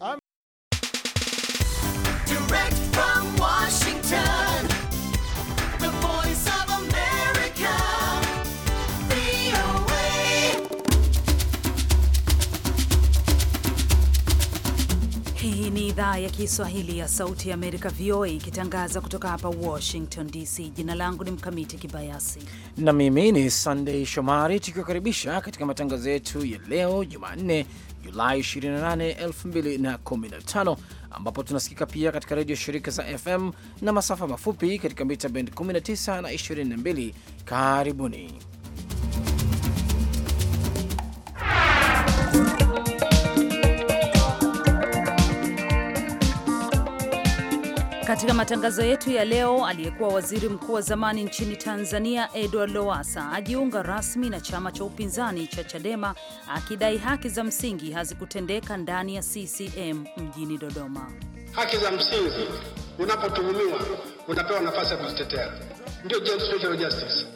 I'm idhaa ya Kiswahili ya Sauti ya Amerika, VOA, ikitangaza kutoka hapa Washington DC. Jina langu ni Mkamiti Kibayasi na mimi ni Sandei Shomari, tukiwakaribisha katika matangazo yetu ya leo Jumanne, Julai 28, 2015 ambapo tunasikika pia katika redio shirika za FM na masafa mafupi katika mita bend 19 na 22. Karibuni. Katika matangazo yetu ya leo, aliyekuwa waziri mkuu wa zamani nchini Tanzania Edward Lowassa ajiunga rasmi na chama cha upinzani cha Chadema akidai haki za msingi hazikutendeka ndani ya CCM mjini Dodoma. Haki za msingi, unapotuhumiwa unapewa nafasi ya kujitetea, ndio social justice.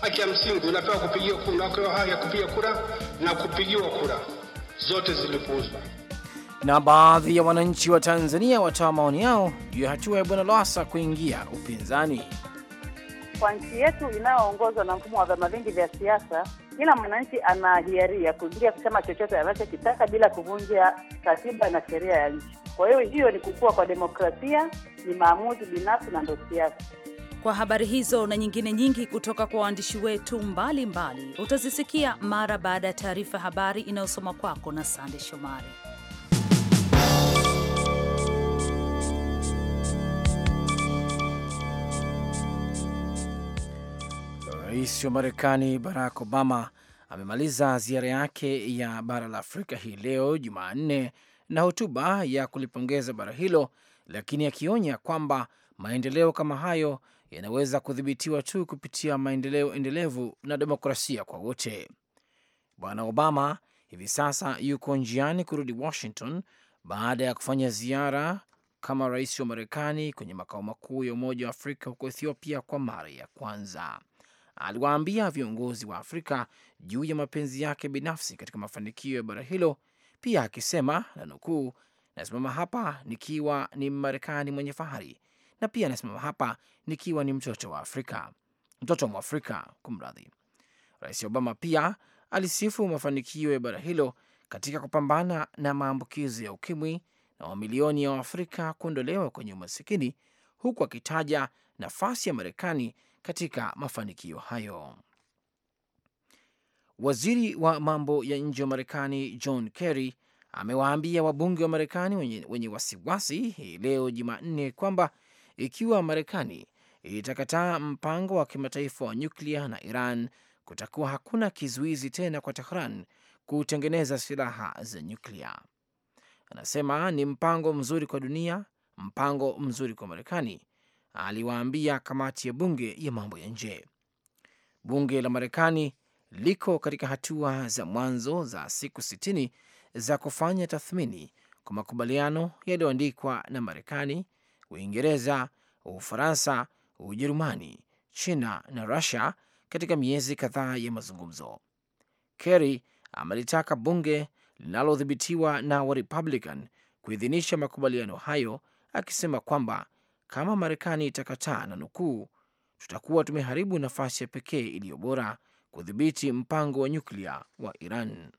Haki ya msingi unapewa kupigiwa kura, haki ya kupiga kura na kupigiwa kura, zote zilipuuzwa. Na baadhi ya wananchi wa Tanzania watoa maoni yao juu ya hatua ya Bwana Lwasa kuingia upinzani. Kwa nchi yetu inayoongozwa na mfumo wa vyama vingi vya siasa, kila mwananchi ana hiari ya kuingia chama chochote anachokitaka bila kuvunja katiba na sheria ya nchi. Kwa hiyo hiyo ni kukua kwa demokrasia, ni maamuzi binafsi na ndo siasa. Kwa habari hizo na nyingine nyingi kutoka kwa waandishi wetu mbalimbali mbali, utazisikia mara baada ya taarifa habari inayosoma kwako na Sande Shomari. Rais wa Marekani Barack Obama amemaliza ziara yake ya bara la Afrika hii leo Jumanne na hotuba ya kulipongeza bara hilo, lakini akionya kwamba maendeleo kama hayo yanaweza kudhibitiwa tu kupitia maendeleo endelevu na demokrasia kwa wote. Bwana Obama hivi sasa yuko njiani kurudi Washington baada ya kufanya ziara kama rais wa Marekani kwenye makao makuu ya Umoja wa Afrika huko Ethiopia kwa mara ya kwanza aliwaambia viongozi wa Afrika juu ya mapenzi yake binafsi katika mafanikio ya bara hilo, pia akisema na nukuu, nasimama hapa nikiwa ni Mmarekani mwenye fahari na pia nasimama hapa nikiwa ni mtoto wa Afrika, mtoto wa Mwafrika, kumradhi. Rais Obama pia alisifu mafanikio ya bara hilo katika kupambana na maambukizi ya ukimwi na mamilioni ya Waafrika kuondolewa kwenye umasikini, huku akitaja nafasi ya Marekani katika mafanikio hayo. Waziri wa mambo ya nje wa Marekani John Kerry amewaambia wabunge wa Marekani wenye, wenye wasiwasi hii leo Jumanne kwamba ikiwa Marekani itakataa mpango wa kimataifa wa nyuklia na Iran, kutakuwa hakuna kizuizi tena kwa Tehran kutengeneza silaha za nyuklia. Anasema ni mpango mzuri kwa dunia, mpango mzuri kwa Marekani aliwaambia kamati ya bunge ya mambo ya nje. Bunge la Marekani liko katika hatua za mwanzo za siku sitini za kufanya tathmini kwa makubaliano yaliyoandikwa na Marekani, Uingereza, Ufaransa, Ujerumani, China na Rusia katika miezi kadhaa ya mazungumzo. Kerry amelitaka bunge linalodhibitiwa na Warepublican kuidhinisha makubaliano hayo akisema kwamba kama Marekani itakataa na nukuu, tutakuwa tumeharibu nafasi ya pekee iliyo bora kudhibiti mpango wa nyuklia wa Iran.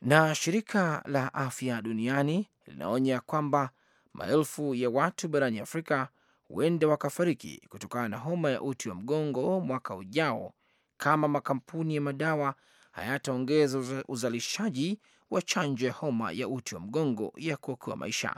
Na shirika la afya duniani linaonya kwamba maelfu ya watu barani Afrika huenda wakafariki kutokana na homa ya uti wa mgongo mwaka ujao kama makampuni ya madawa hayataongeza uzalishaji wa chanjo ya homa ya uti wa mgongo ya kuokoa maisha.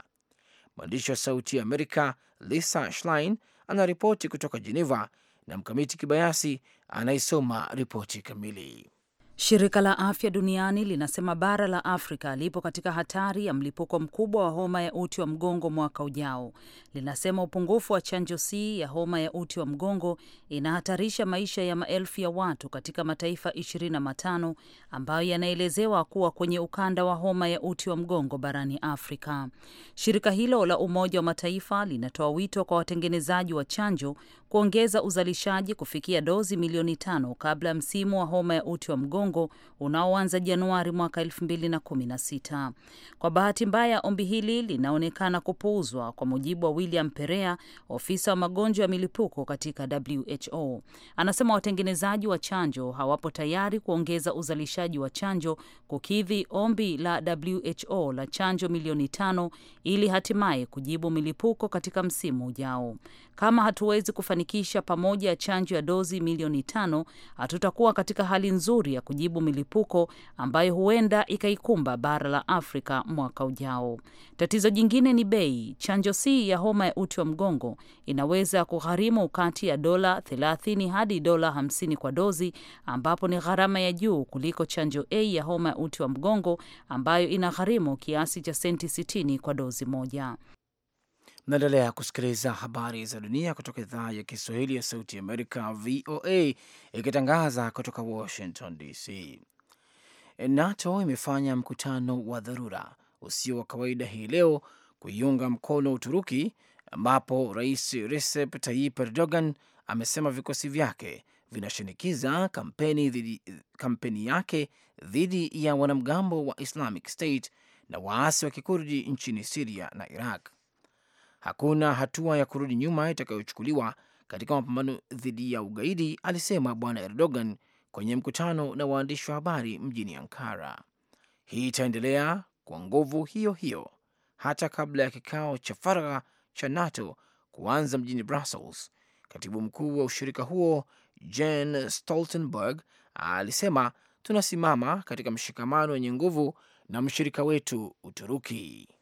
Mwandishi wa Sauti ya Amerika Lisa Schlein anaripoti kutoka Jeneva na Mkamiti Kibayasi anayesoma ripoti kamili. Shirika la Afya Duniani linasema bara la Afrika lipo katika hatari ya mlipuko mkubwa wa homa ya uti wa mgongo mwaka ujao. Linasema upungufu wa chanjo C ya homa ya uti wa mgongo inahatarisha maisha ya maelfu ya watu katika mataifa 25 ambayo yanaelezewa kuwa kwenye ukanda wa homa ya uti wa mgongo barani Afrika. Shirika hilo la Umoja wa Mataifa linatoa wito kwa watengenezaji wa chanjo kuongeza uzalishaji kufikia dozi milioni tano kabla ya msimu wa homa ya uti wa mgongo unaoanza Januari mwaka sita. Kwa bahati mbaya, ombi hili linaonekana kupuuzwa, kwa mujibu wa William Perea, ofisa wa magonjwa ya milipuko katika WHO. Anasema watengenezaji wa chanjo hawapo tayari kuongeza uzalishaji wa chanjo kukidhi ombi la WHO la chanjo milioni tano ili hatimaye kujibu milipuko katika msimu ujao. Kama hatuwezi kufanikia kufanikisha pamoja chanjo ya dozi milioni tano, hatutakuwa katika hali nzuri ya kujibu milipuko ambayo huenda ikaikumba bara la Afrika mwaka ujao. Tatizo jingine ni bei. Chanjo C ya homa ya uti wa mgongo inaweza kugharimu kati ya dola 30 hadi dola 50 kwa dozi, ambapo ni gharama ya juu kuliko chanjo A ya homa ya uti wa mgongo ambayo inagharimu kiasi cha senti 60 kwa dozi moja naendelea kusikiliza habari za dunia kutoka idhaa ya Kiswahili ya Sauti Amerika, VOA, ikitangaza kutoka Washington DC. NATO imefanya mkutano wa dharura usio wa kawaida hii leo kuiunga mkono Uturuki, ambapo Rais Recep Tayyip Erdogan amesema vikosi vyake vinashinikiza kampeni, dhidi, kampeni yake dhidi ya wanamgambo wa Islamic State na waasi wa Kikurdi nchini Siria na Iraq hakuna hatua ya kurudi nyuma itakayochukuliwa katika mapambano dhidi ya ugaidi, alisema Bwana Erdogan kwenye mkutano na waandishi wa habari mjini Ankara. Hii itaendelea kwa nguvu hiyo hiyo hata kabla ya kikao cha faragha cha NATO kuanza mjini Brussels. Katibu mkuu wa ushirika huo jan Stoltenberg alisema tunasimama katika mshikamano wenye nguvu na mshirika wetu Uturuki.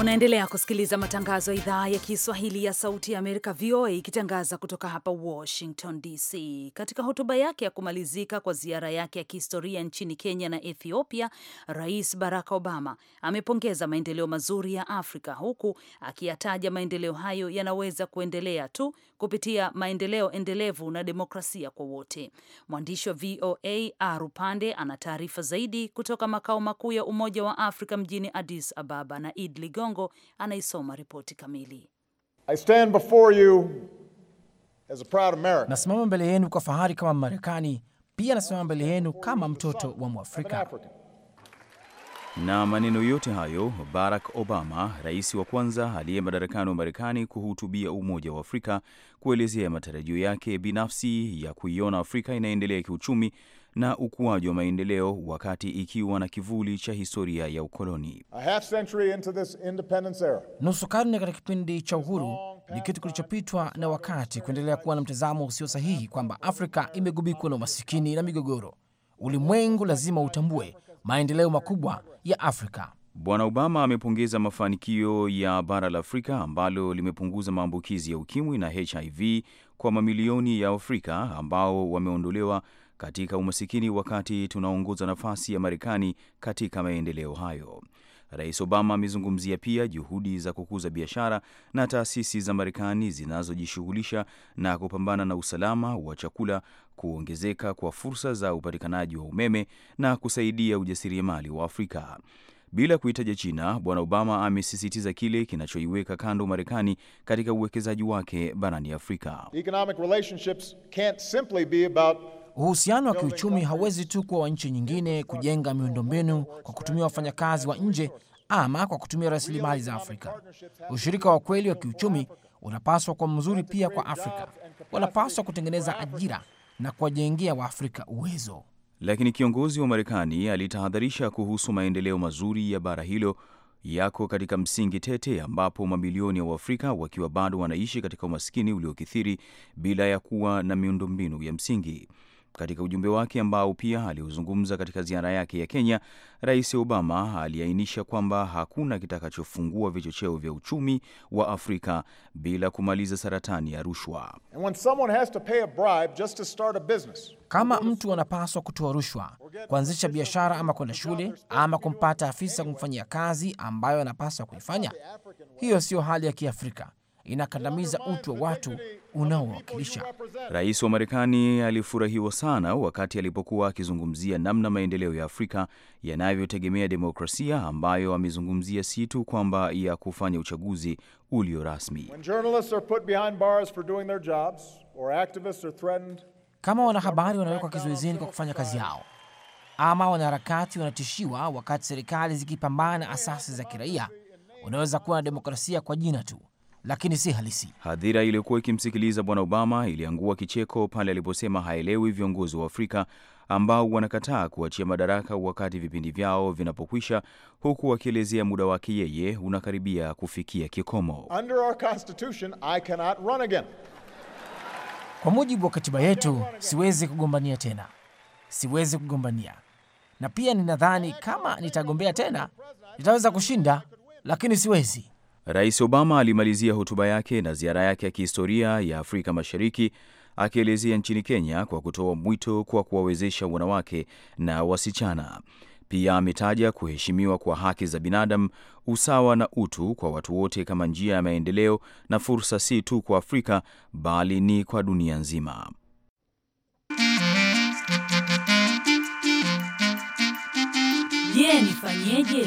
Unaendelea kusikiliza matangazo ya idhaa ya Kiswahili ya Sauti ya Amerika, VOA, ikitangaza kutoka hapa Washington DC. Katika hotuba yake ya kumalizika kwa ziara yake ya kihistoria nchini Kenya na Ethiopia, Rais Barack Obama amepongeza maendeleo mazuri ya Afrika, huku akiyataja maendeleo hayo yanaweza kuendelea tu kupitia maendeleo endelevu na demokrasia kwa wote. Mwandishi wa VOA Arupande ana taarifa zaidi kutoka makao makuu ya Umoja wa Afrika mjini Addis Ababa, na Id Ligongo anaisoma ripoti kamili. I stand before you as a proud American. Nasimama mbele yenu kwa fahari kama marekani pia nasimama mbele yenu kama mtoto wa Mwafrika. Na maneno yote hayo Barack Obama, rais wa kwanza aliye madarakani wa Marekani kuhutubia Umoja wa Afrika, kuelezea matarajio yake binafsi ya kuiona Afrika inaendelea kiuchumi na ukuaji wa maendeleo wakati ikiwa na kivuli cha historia ya ukoloni. Nusu karne katika kipindi cha uhuru ni kitu kilichopitwa na wakati. Kuendelea kuwa na mtazamo usio sahihi kwamba Afrika imegubikwa na umasikini na migogoro, ulimwengu lazima utambue maendeleo makubwa ya Afrika. Bwana Obama amepongeza mafanikio ya bara la Afrika ambalo limepunguza maambukizi ya ukimwi na HIV kwa mamilioni ya Afrika ambao wameondolewa katika umasikini wakati tunaongoza nafasi ya Marekani katika maendeleo hayo. Rais Obama amezungumzia pia juhudi za kukuza biashara na taasisi za Marekani zinazojishughulisha na kupambana na usalama wa chakula, kuongezeka kwa fursa za upatikanaji wa umeme na kusaidia ujasiriamali wa Afrika. Bila kuitaja China, Bwana Obama amesisitiza kile kinachoiweka kando Marekani katika uwekezaji wake barani Afrika. economic relationships can't simply be about Uhusiano wa kiuchumi hauwezi tu kuwa wa nchi nyingine kujenga miundombinu kwa kutumia wafanyakazi wa nje ama kwa kutumia rasilimali za Afrika. Ushirika wa kweli wa kiuchumi unapaswa kuwa mzuri pia kwa Afrika. Wanapaswa kutengeneza ajira na kuwajengea Waafrika uwezo. Lakini kiongozi wa Marekani alitahadharisha kuhusu maendeleo mazuri ya bara hilo yako katika msingi tete, ambapo mamilioni ya Waafrika wakiwa bado wanaishi katika umaskini uliokithiri bila ya kuwa na miundombinu ya msingi. Katika ujumbe wake ambao pia aliuzungumza katika ziara yake ya Kenya, Rais Obama aliainisha kwamba hakuna kitakachofungua vichocheo vya uchumi wa Afrika bila kumaliza saratani ya rushwa. Kama mtu anapaswa kutoa rushwa kuanzisha biashara ama kwenda shule ama kumpata afisa kumfanyia kazi ambayo anapaswa kuifanya, hiyo siyo hali ya Kiafrika inakandamiza utu wa watu unaowakilisha. Rais wa Marekani alifurahiwa sana wakati alipokuwa akizungumzia namna maendeleo ya Afrika yanavyotegemea demokrasia, ambayo amezungumzia si tu kwamba ya kufanya uchaguzi ulio rasmi. Kama wanahabari wanawekwa kizuizini kwa kufanya kazi yao ama wanaharakati wanatishiwa wakati serikali zikipambana na asasi za kiraia, unaweza kuwa na demokrasia kwa jina tu lakini si halisi. Hadhira iliyokuwa ikimsikiliza bwana Obama iliangua kicheko pale aliposema haelewi viongozi wa Afrika ambao wanakataa kuachia madaraka wakati vipindi vyao vinapokwisha, huku akielezea muda wake yeye unakaribia kufikia kikomo. Under our constitution, I cannot run again. Kwa mujibu wa katiba yetu siwezi kugombania tena, siwezi kugombania, na pia ninadhani kama nitagombea tena nitaweza kushinda, lakini siwezi Rais Obama alimalizia hotuba yake na ziara yake ya kihistoria ya Afrika Mashariki akielezea nchini Kenya kwa kutoa mwito kwa kuwawezesha wanawake na wasichana. Pia ametaja kuheshimiwa kwa haki za binadamu, usawa na utu kwa watu wote kama njia ya maendeleo na fursa, si tu kwa Afrika bali ni kwa dunia nzima. Je, nifanyeje?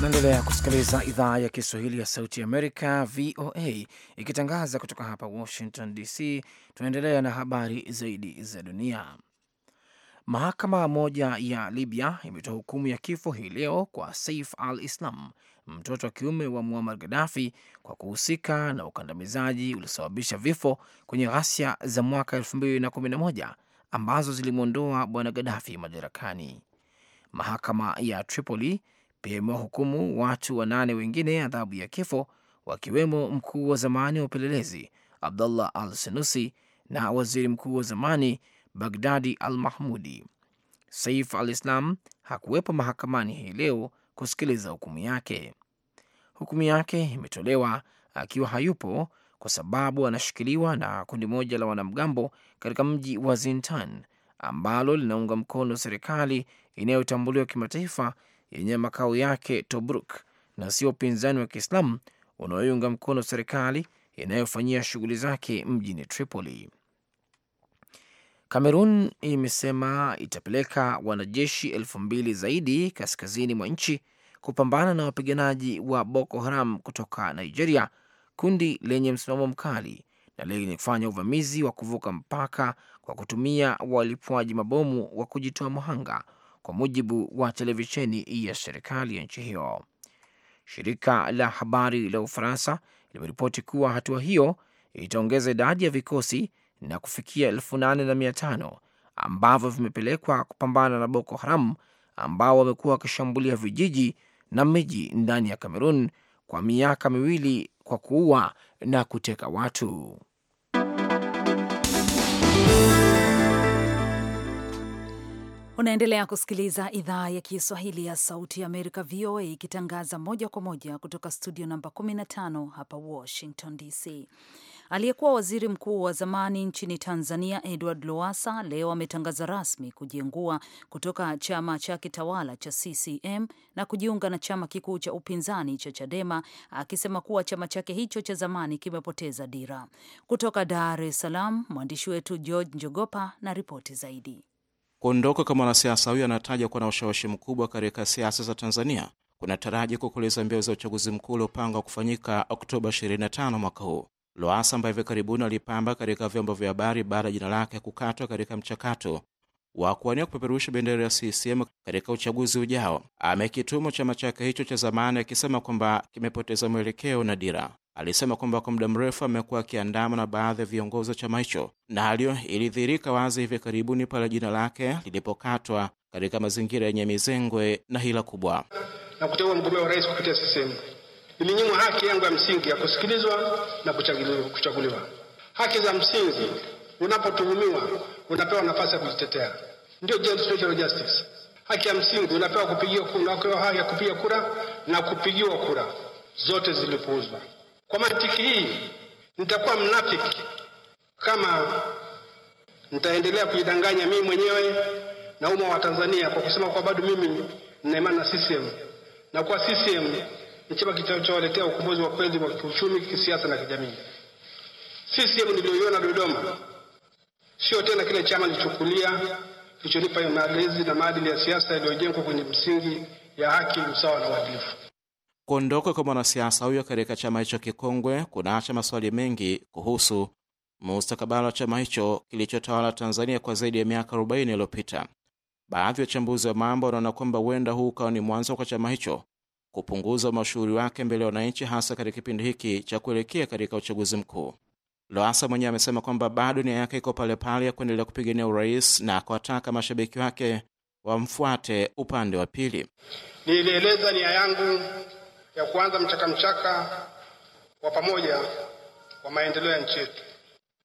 Naendelea kusikiliza idhaa ya Kiswahili ya Sauti Amerika, VOA, ikitangaza kutoka hapa Washington DC. Tunaendelea na habari zaidi za dunia. Mahakama moja ya Libya imetoa hukumu ya kifo hii leo kwa Saif al-Islam, mtoto wa kiume wa Muammar Gaddafi, kwa kuhusika na ukandamizaji uliosababisha vifo kwenye ghasia za mwaka 2011 ambazo zilimwondoa bwana Gaddafi madarakani. Mahakama ya Tripoli pia imewahukumu watu wanane wengine adhabu ya kifo, wakiwemo mkuu wa zamani wa upelelezi Abdullah al Senusi na waziri mkuu wa zamani Bagdadi al Mahmudi. Saif al Islam hakuwepo mahakamani hii leo kusikiliza hukumu yake. Hukumu yake imetolewa akiwa hayupo kwa sababu anashikiliwa na kundi moja la wanamgambo katika mji wa Zintan ambalo linaunga mkono serikali inayotambuliwa kimataifa yenye makao yake Tobruk na sio upinzani wa Kiislamu unaoiunga mkono serikali inayofanyia shughuli zake mjini Tripoli. Kamerun imesema itapeleka wanajeshi elfu mbili zaidi kaskazini mwa nchi kupambana na wapiganaji wa Boko Haram kutoka Nigeria, kundi lenye msimamo mkali na lenye kufanya uvamizi wa kuvuka mpaka kwa kutumia walipwaji mabomu wa kujitoa muhanga kwa mujibu wa televisheni ya serikali ya nchi hiyo. Shirika la habari la Ufaransa limeripoti kuwa hatua hiyo itaongeza idadi ya vikosi na kufikia elfu nane na mia tano ambavyo vimepelekwa kupambana na Boko Haram ambao wamekuwa wakishambulia vijiji na miji ndani ya Kamerun kwa miaka miwili kwa kuua na kuteka watu. Unaendelea kusikiliza idhaa ya Kiswahili ya Sauti ya Amerika, VOA, ikitangaza moja kwa moja kutoka studio namba 15 hapa Washington DC. Aliyekuwa waziri mkuu wa zamani nchini Tanzania Edward Lowassa leo ametangaza rasmi kujiengua kutoka chama cha kitawala cha CCM na kujiunga na chama kikuu cha upinzani cha Chadema, akisema kuwa chama chake hicho cha zamani kimepoteza dira. Kutoka Dar es Salaam, mwandishi wetu George Njogopa na ripoti zaidi. Kuondoka kwa mwanasiasa huyo anataja kuwa na ushawishi mkubwa katika siasa za Tanzania kuna taraji kukuliza mbio za uchaguzi mkuu uliopangwa kufanyika Oktoba 25 mwaka huu. loasa ambaye hivi karibuni alipamba katika vyombo vya habari baada ya jina lake kukatwa katika mchakato wa kuwania kupeperusha bendera ya CCM katika uchaguzi ujao, amekitumu chama chake hicho cha zamani akisema kwamba kimepoteza mwelekeo na dira alisema kwamba kwa muda mrefu amekuwa akiandama na baadhi ya viongozi wa chama hicho, na halio ilidhihirika wazi hivi karibuni pale jina lake lilipokatwa katika mazingira yenye mizengwe na hila kubwa na kuteua mgombea wa rais kupitia CCM. Nilinyimwa haki yangu ya msingi ya kusikilizwa na kuchaguliwa. Haki za msingi, unapotuhumiwa unapewa nafasi ya kujitetea, ndio justice. Haki ya msingi unapewa kupigiwa, haki ya kupiga kura na kupigiwa kura, zote zilipuuzwa. Kwa mantiki hii, nitakuwa mnafiki kama nitaendelea kujidanganya mimi mwenyewe na umma wa Tanzania kwa kusema kwa bado mimi nina imani na CCM na kwa CCM ni chama kitachowaletea ukombozi wa kweli wa kiuchumi, kisiasa na kijamii. CCM niliyoiona Dodoma sio tena kile chama nilichukulia kilichonipa malezi na maadili ya siasa yaliyojengwa kwenye msingi ya haki, usawa na uadilifu. Kuondoka kwa mwanasiasa huyo katika chama hicho kikongwe kunaacha maswali mengi kuhusu mustakabali wa chama hicho kilichotawala Tanzania kwa zaidi ya miaka 40 iliyopita. Baadhi ya wachambuzi wa mambo wanaona kwamba huenda huu ukawa ni mwanzo kwa chama hicho kupunguza mashuhuri wake mbele ya wananchi, hasa katika kipindi hiki cha kuelekea katika uchaguzi mkuu. Loasa mwenyewe amesema kwamba bado nia yake iko palepale ya kuendelea kupigania urais na kuwataka mashabiki wake wamfuate upande wa pili. Nilieleza nia yangu ya kuanza mchakamchaka wa pamoja wa maendeleo ya nchi yetu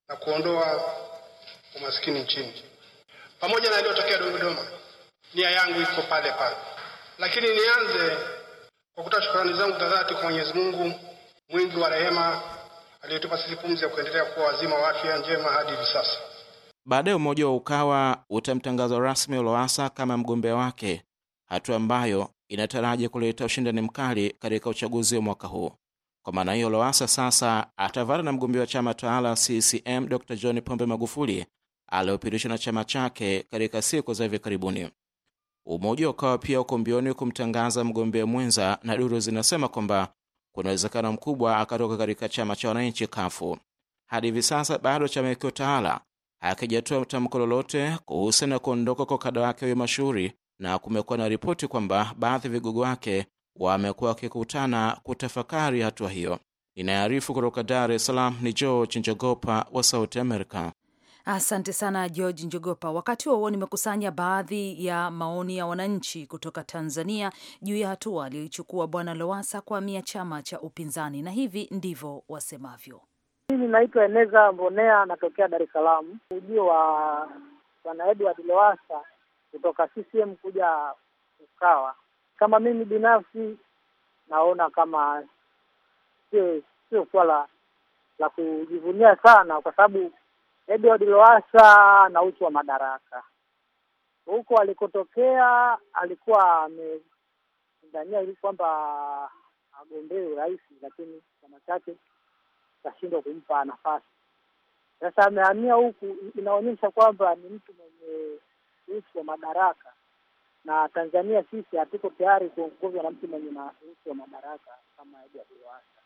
na kuondoa umaskini nchini. Pamoja na yaliyotokea Dodoma, nia yangu iko pale pale, lakini nianze kwa kutoa shukrani zangu za dhati kwa Mwenyezi Mungu mwingi wa rehema aliyetupa sisi pumzi ya kuendelea kuwa wazima wa afya njema hadi hivi sasa. Baadaye umoja wa Ukawa utamtangaza rasmi Lowassa kama mgombea wake, hatua ambayo inataraji kuleta ushindani mkali katika uchaguzi wa mwaka huu. Kwa maana hiyo, lowasa sasa atavana na mgombea wa chama tawala CCM Dr John Pombe Magufuli aliyopitishwa na chama chake katika siku za hivi karibuni. Umoja ukawa pia uko mbioni kumtangaza mgombea mwenza, na duru zinasema kwamba kuna uwezekano mkubwa akatoka katika chama cha wananchi kafu. Hadi hivi sasa bado chama hiki tawala hakijatoa tamko lolote kuhusiana na kuondoka kwa kada wake huyo mashuhuri na kumekuwa na ripoti kwamba baadhi ya vigogo wake wamekuwa wakikutana kutafakari hatua hiyo. Inayoarifu kutoka Dar es Salaam ni George Njogopa wa Sauti america Asante sana George Njogopa. Wakati huo huo, nimekusanya baadhi ya maoni ya wananchi kutoka Tanzania juu ya hatua aliyoichukua Bwana Lowasa kuhamia chama cha upinzani, na hivi ndivyo wasemavyo. Mimi naitwa Eneza Mbonea, natokea Dar es Salaam. Ujio wa Bwana Edward Lowasa kutoka CCM kuja Ukawa. Kama mimi binafsi naona kama sio sio swala la kujivunia sana, kwa sababu Edward Lowassa na uchu wa madaraka huko alikotokea alikuwa amedania ili kwamba agombee urais, lakini chama chake kashindwa kumpa nafasi. Sasa amehamia huku, inaonyesha kwamba ni mtu mwenye uchu wa madaraka, na Tanzania sisi hatuko tayari kuongozwa na mtu mwenye uchu wa madaraka kama Edward Lowassa,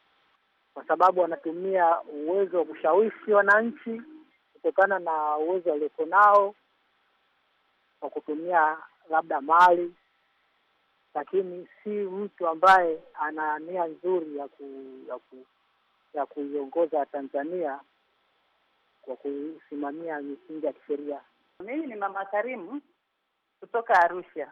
kwa sababu anatumia uwezo wa kushawishi wananchi kutokana na uwezo alioko nao kwa kutumia labda mali, lakini si mtu ambaye ana nia nzuri ya ku, ya ku, ya kuiongoza Tanzania kwa kusimamia misingi ya kisheria. Mimi ni Mama Karimu kutoka Arusha.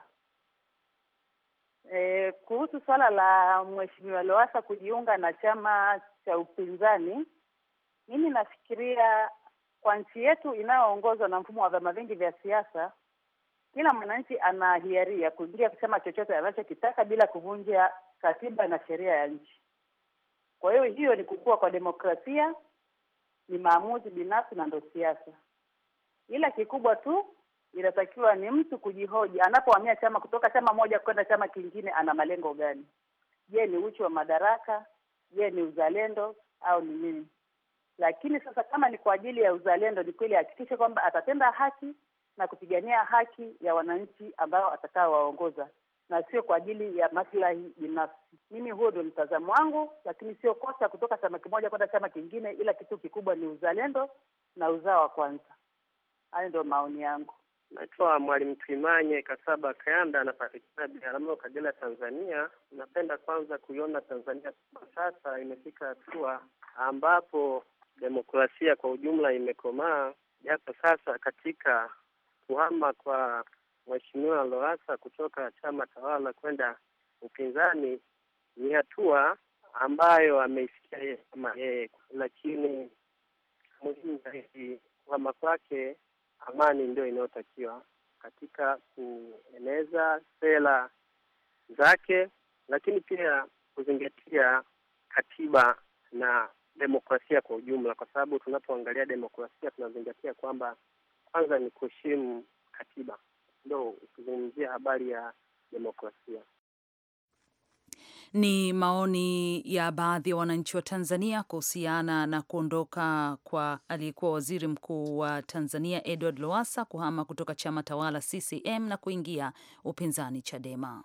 E, kuhusu swala la Mheshimiwa Lowassa kujiunga na chama cha upinzani, mimi nafikiria kwa nchi yetu inayoongozwa na mfumo wa vyama vingi vya siasa, kila mwananchi ana hiari ya kuingia chama chochote anachokitaka bila kuvunja katiba na sheria ya nchi. Kwa hiyo hiyo ni kukua kwa demokrasia, ni maamuzi binafsi na ndo siasa ila kikubwa tu inatakiwa ni mtu kujihoji anapohamia chama kutoka chama moja kwenda chama kingine, ana malengo gani? Je, ni uchu wa madaraka? Je, ni uzalendo au ni nini? Lakini sasa kama ni kwa ajili ya uzalendo, ni kweli ahakikishe kwamba atatenda haki na kupigania haki ya wananchi ambao atakao waongoza na sio kwa ajili ya maslahi binafsi. Mimi huo ndio mtazamo wangu, lakini sio kosa kutoka chama kimoja kwenda chama kingine, ila kitu kikubwa ni uzalendo na uzao wa kwanza. Hayo ndio maoni yangu. Naitwa Mwalimu Twimanye Kasaba Kayanda, anapatikana Biharamulo, Kagera, Tanzania. Napenda kwanza kuiona Tanzania kwa sasa imefika hatua ambapo demokrasia kwa ujumla imekomaa, japo sasa katika kuhama kwa Mheshimiwa loasa kutoka chama tawala kwenda upinzani ni hatua ambayo ameisikia yeye kama yeye, lakini muhimu zaidi kuhama kwake amani ndio inayotakiwa katika kueneza sera zake, lakini pia kuzingatia katiba na demokrasia kwa ujumla, kwa sababu tunapoangalia demokrasia tunazingatia kwamba kwanza ni kuheshimu katiba, ndio ukizungumzia habari ya demokrasia. Ni maoni ya baadhi ya wananchi wa Tanzania kuhusiana na kuondoka kwa aliyekuwa waziri mkuu wa Tanzania Edward Lowassa kuhama kutoka chama tawala CCM na kuingia upinzani Chadema.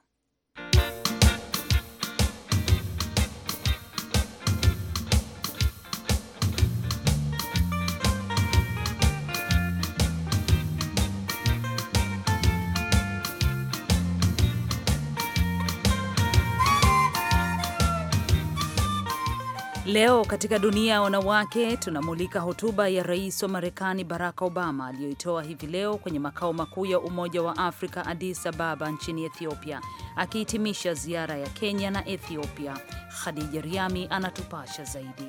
Leo katika dunia ya wanawake tunamulika hotuba ya rais wa Marekani Barack Obama aliyoitoa hivi leo kwenye makao makuu ya Umoja wa Afrika Addis Ababa nchini Ethiopia, akihitimisha ziara ya Kenya na Ethiopia. Khadija Riami anatupasha zaidi.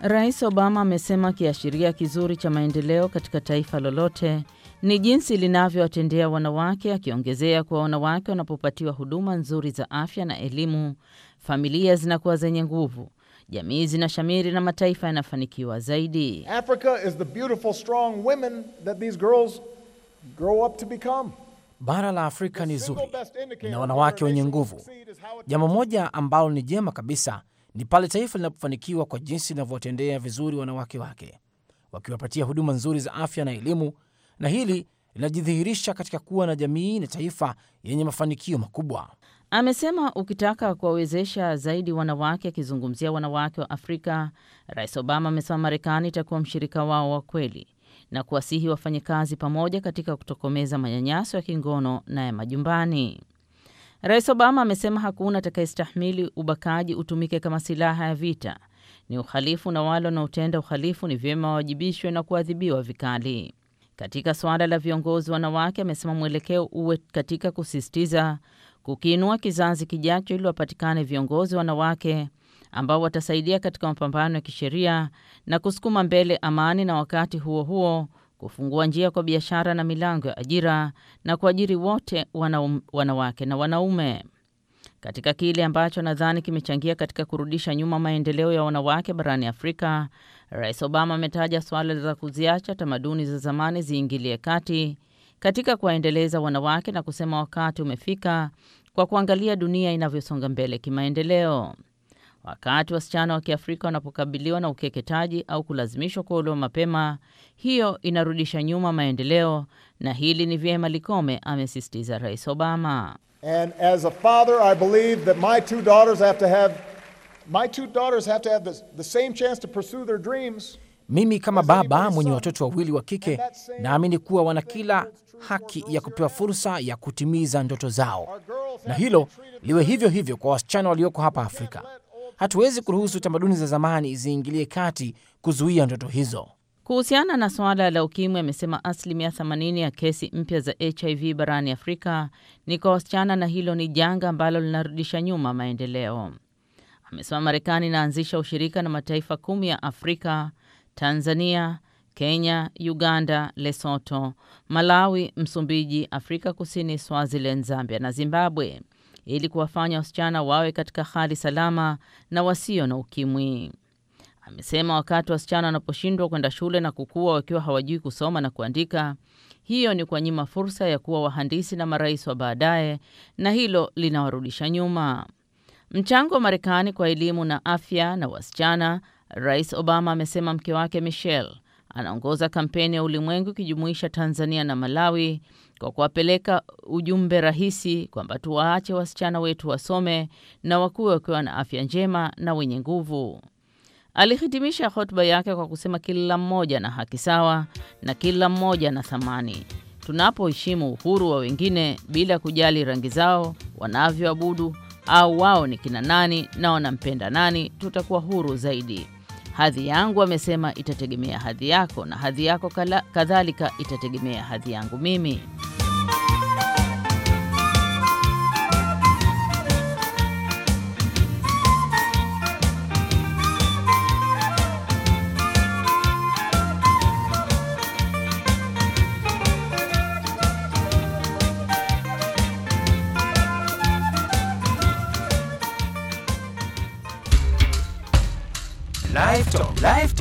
Rais Obama amesema kiashiria kizuri cha maendeleo katika taifa lolote ni jinsi linavyowatendea wanawake, akiongezea kuwa wanawake wanapopatiwa huduma nzuri za afya na elimu, familia zinakuwa zenye nguvu, jamii zinashamiri na mataifa yanafanikiwa zaidi. Bara la Afrika ni zuri na wanawake wenye nguvu. Jambo moja ambalo ni jema kabisa ni pale taifa linapofanikiwa kwa jinsi linavyotendea vizuri wanawake wake, wakiwapatia huduma nzuri za afya na elimu, na hili linajidhihirisha katika kuwa na jamii na taifa yenye mafanikio makubwa. Amesema ukitaka kuwawezesha zaidi wanawake. Akizungumzia wanawake wa Afrika, Rais Obama amesema Marekani itakuwa mshirika wao wa kweli na kuwasihi wafanye kazi pamoja katika kutokomeza manyanyaso ya kingono na ya majumbani. Rais Obama amesema hakuna atakayestahimili ubakaji utumike kama silaha ya vita. Ni uhalifu na wale wanaotenda uhalifu ni vyema wawajibishwe na kuadhibiwa vikali. Katika suala la viongozi wanawake, amesema mwelekeo uwe katika kusisitiza kukiinua kizazi kijacho ili wapatikane viongozi wanawake ambao watasaidia katika mapambano ya kisheria na kusukuma mbele amani, na wakati huo huo kufungua njia kwa biashara na milango ya ajira na kuajiri wote wanawake na wanaume katika kile ambacho nadhani kimechangia katika kurudisha nyuma maendeleo ya wanawake barani Afrika. Rais Obama ametaja suala la kuziacha tamaduni za zamani ziingilie kati katika kuwaendeleza wanawake na kusema wakati umefika kwa kuangalia dunia inavyosonga mbele kimaendeleo. Wakati wasichana wa Kiafrika wanapokabiliwa na ukeketaji au kulazimishwa kuolewa mapema, hiyo inarudisha nyuma maendeleo, na hili ni vyema likome, amesisitiza Rais Obama. Mimi kama baba mwenye watoto wawili wa kike, naamini kuwa wana kila haki ya kupewa fursa ya kutimiza ndoto zao, na hilo liwe hivyo hivyo kwa wasichana walioko hapa Afrika. Hatuwezi kuruhusu tamaduni za zamani ziingilie kati kuzuia ndoto hizo. Kuhusiana na suala la ukimwi, amesema asilimia 80 ya kesi mpya za HIV barani Afrika ni kwa wasichana, na hilo ni janga ambalo linarudisha nyuma maendeleo. Amesema Marekani inaanzisha ushirika na mataifa kumi ya Afrika, Tanzania, Kenya, Uganda, Lesotho, Malawi, Msumbiji, Afrika Kusini, Swaziland, Zambia na Zimbabwe ili kuwafanya wasichana wawe katika hali salama na wasio na ukimwi. Amesema wakati wasichana wanaposhindwa kwenda shule na kukua wakiwa hawajui kusoma na kuandika, hiyo ni kwa nyima fursa ya kuwa wahandisi na marais wa baadaye, na hilo linawarudisha nyuma. Mchango wa Marekani kwa elimu na afya na wasichana, Rais Obama amesema mke wake Michelle anaongoza kampeni ya ulimwengu ikijumuisha Tanzania na Malawi kwa kuwapeleka ujumbe rahisi kwamba tuwaache wasichana wetu wasome na wakuwe wakiwa na afya njema na wenye nguvu. Alihitimisha hotuba yake kwa kusema kila mmoja na haki sawa na kila mmoja na thamani. Tunapoheshimu uhuru wa wengine bila kujali rangi zao, wanavyoabudu au wao ni kina nani na wanampenda nani, tutakuwa huru zaidi. Hadhi yangu amesema itategemea hadhi yako, na hadhi yako kadhalika itategemea hadhi yangu mimi.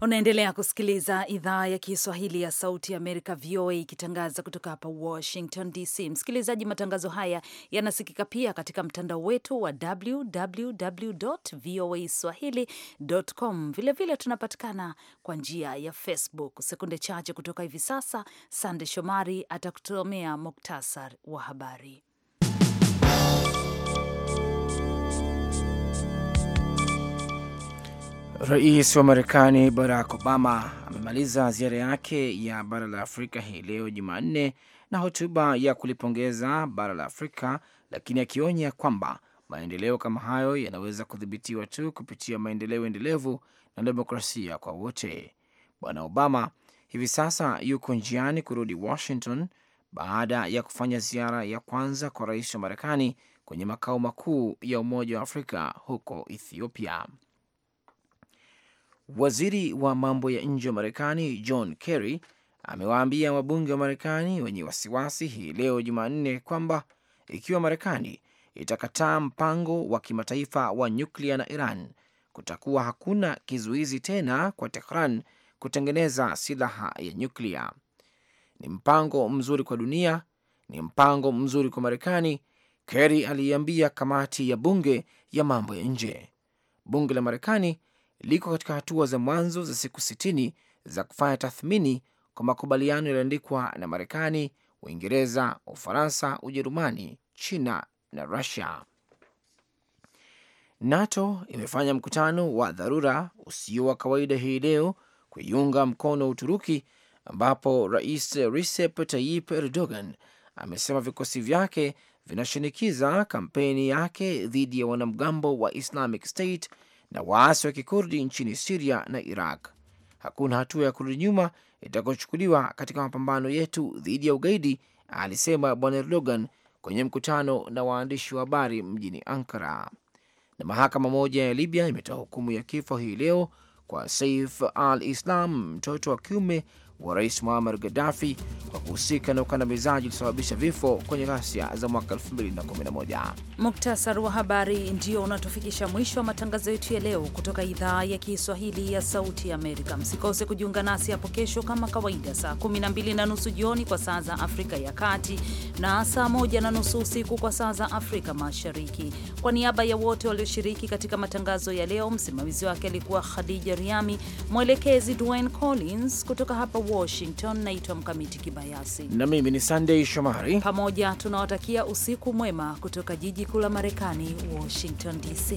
Unaendelea kusikiliza idhaa ya Kiswahili ya Sauti ya Amerika, VOA, ikitangaza kutoka hapa Washington DC. Msikilizaji, matangazo haya yanasikika pia katika mtandao wetu wa www voa swahili.com. Vilevile tunapatikana kwa njia ya Facebook. Sekunde chache kutoka hivi sasa, Sande Shomari atakutomea muktasar wa habari. Rais wa Marekani Barack Obama amemaliza ziara yake ya bara la Afrika hii leo Jumanne na hotuba ya kulipongeza bara la Afrika, lakini akionya kwamba maendeleo kama hayo yanaweza kudhibitiwa tu kupitia maendeleo endelevu na demokrasia kwa wote. Bwana Obama hivi sasa yuko njiani kurudi Washington baada ya kufanya ziara ya kwanza kwa rais wa Marekani kwenye makao makuu ya Umoja wa Afrika huko Ethiopia. Waziri wa mambo ya nje wa Marekani John Kerry amewaambia wabunge wa Marekani wenye wasiwasi hii leo Jumanne kwamba ikiwa Marekani itakataa mpango wa kimataifa wa nyuklia na Iran, kutakuwa hakuna kizuizi tena kwa Tehran kutengeneza silaha ya nyuklia. Ni mpango mzuri kwa dunia, ni mpango mzuri kwa Marekani, Kerry aliiambia kamati ya bunge ya mambo ya nje. Bunge la Marekani liko katika hatua za mwanzo za siku sitini za kufanya tathmini kwa makubaliano yaliyoandikwa na Marekani, Uingereza, Ufaransa, Ujerumani, China na Rusia. NATO imefanya mkutano wa dharura usio wa kawaida hii leo kuiunga mkono Uturuki, ambapo Rais Recep Tayyip Erdogan amesema vikosi vyake vinashinikiza kampeni yake dhidi ya wanamgambo wa Islamic State na waasi wa kikurdi nchini Siria na Iraq. Hakuna hatua ya kurudi nyuma itakayochukuliwa katika mapambano yetu dhidi ya ugaidi, alisema Bwana Erdogan kwenye mkutano na waandishi wa habari mjini Ankara. Na mahakama moja ya Libya imetoa hukumu ya kifo hii leo kwa Saif al-Islam, mtoto wa kiume wa rais Muammar Gaddafi kwa kuhusika na ukandamizaji ulisababisha vifo kwenye ghasia za mwaka 2011. Muktasari wa habari ndio unatufikisha mwisho wa matangazo yetu ya leo kutoka idhaa ya Kiswahili ya Sauti ya Amerika. Msikose kujiunga nasi hapo kesho kama kawaida, saa 12 na nusu jioni kwa saa za Afrika ya Kati na saa 1 na nusu usiku kwa saa za Afrika Mashariki. Kwa niaba ya wote walioshiriki katika matangazo ya leo, msimamizi wake alikuwa Khadija Riami, mwelekezi Dwayne Collins kutoka hapa Washington. Naitwa Mkamiti Kibayasi na mimi ni Sunday Shomari. Pamoja tunawatakia usiku mwema kutoka jiji kuu la Marekani, Washington DC.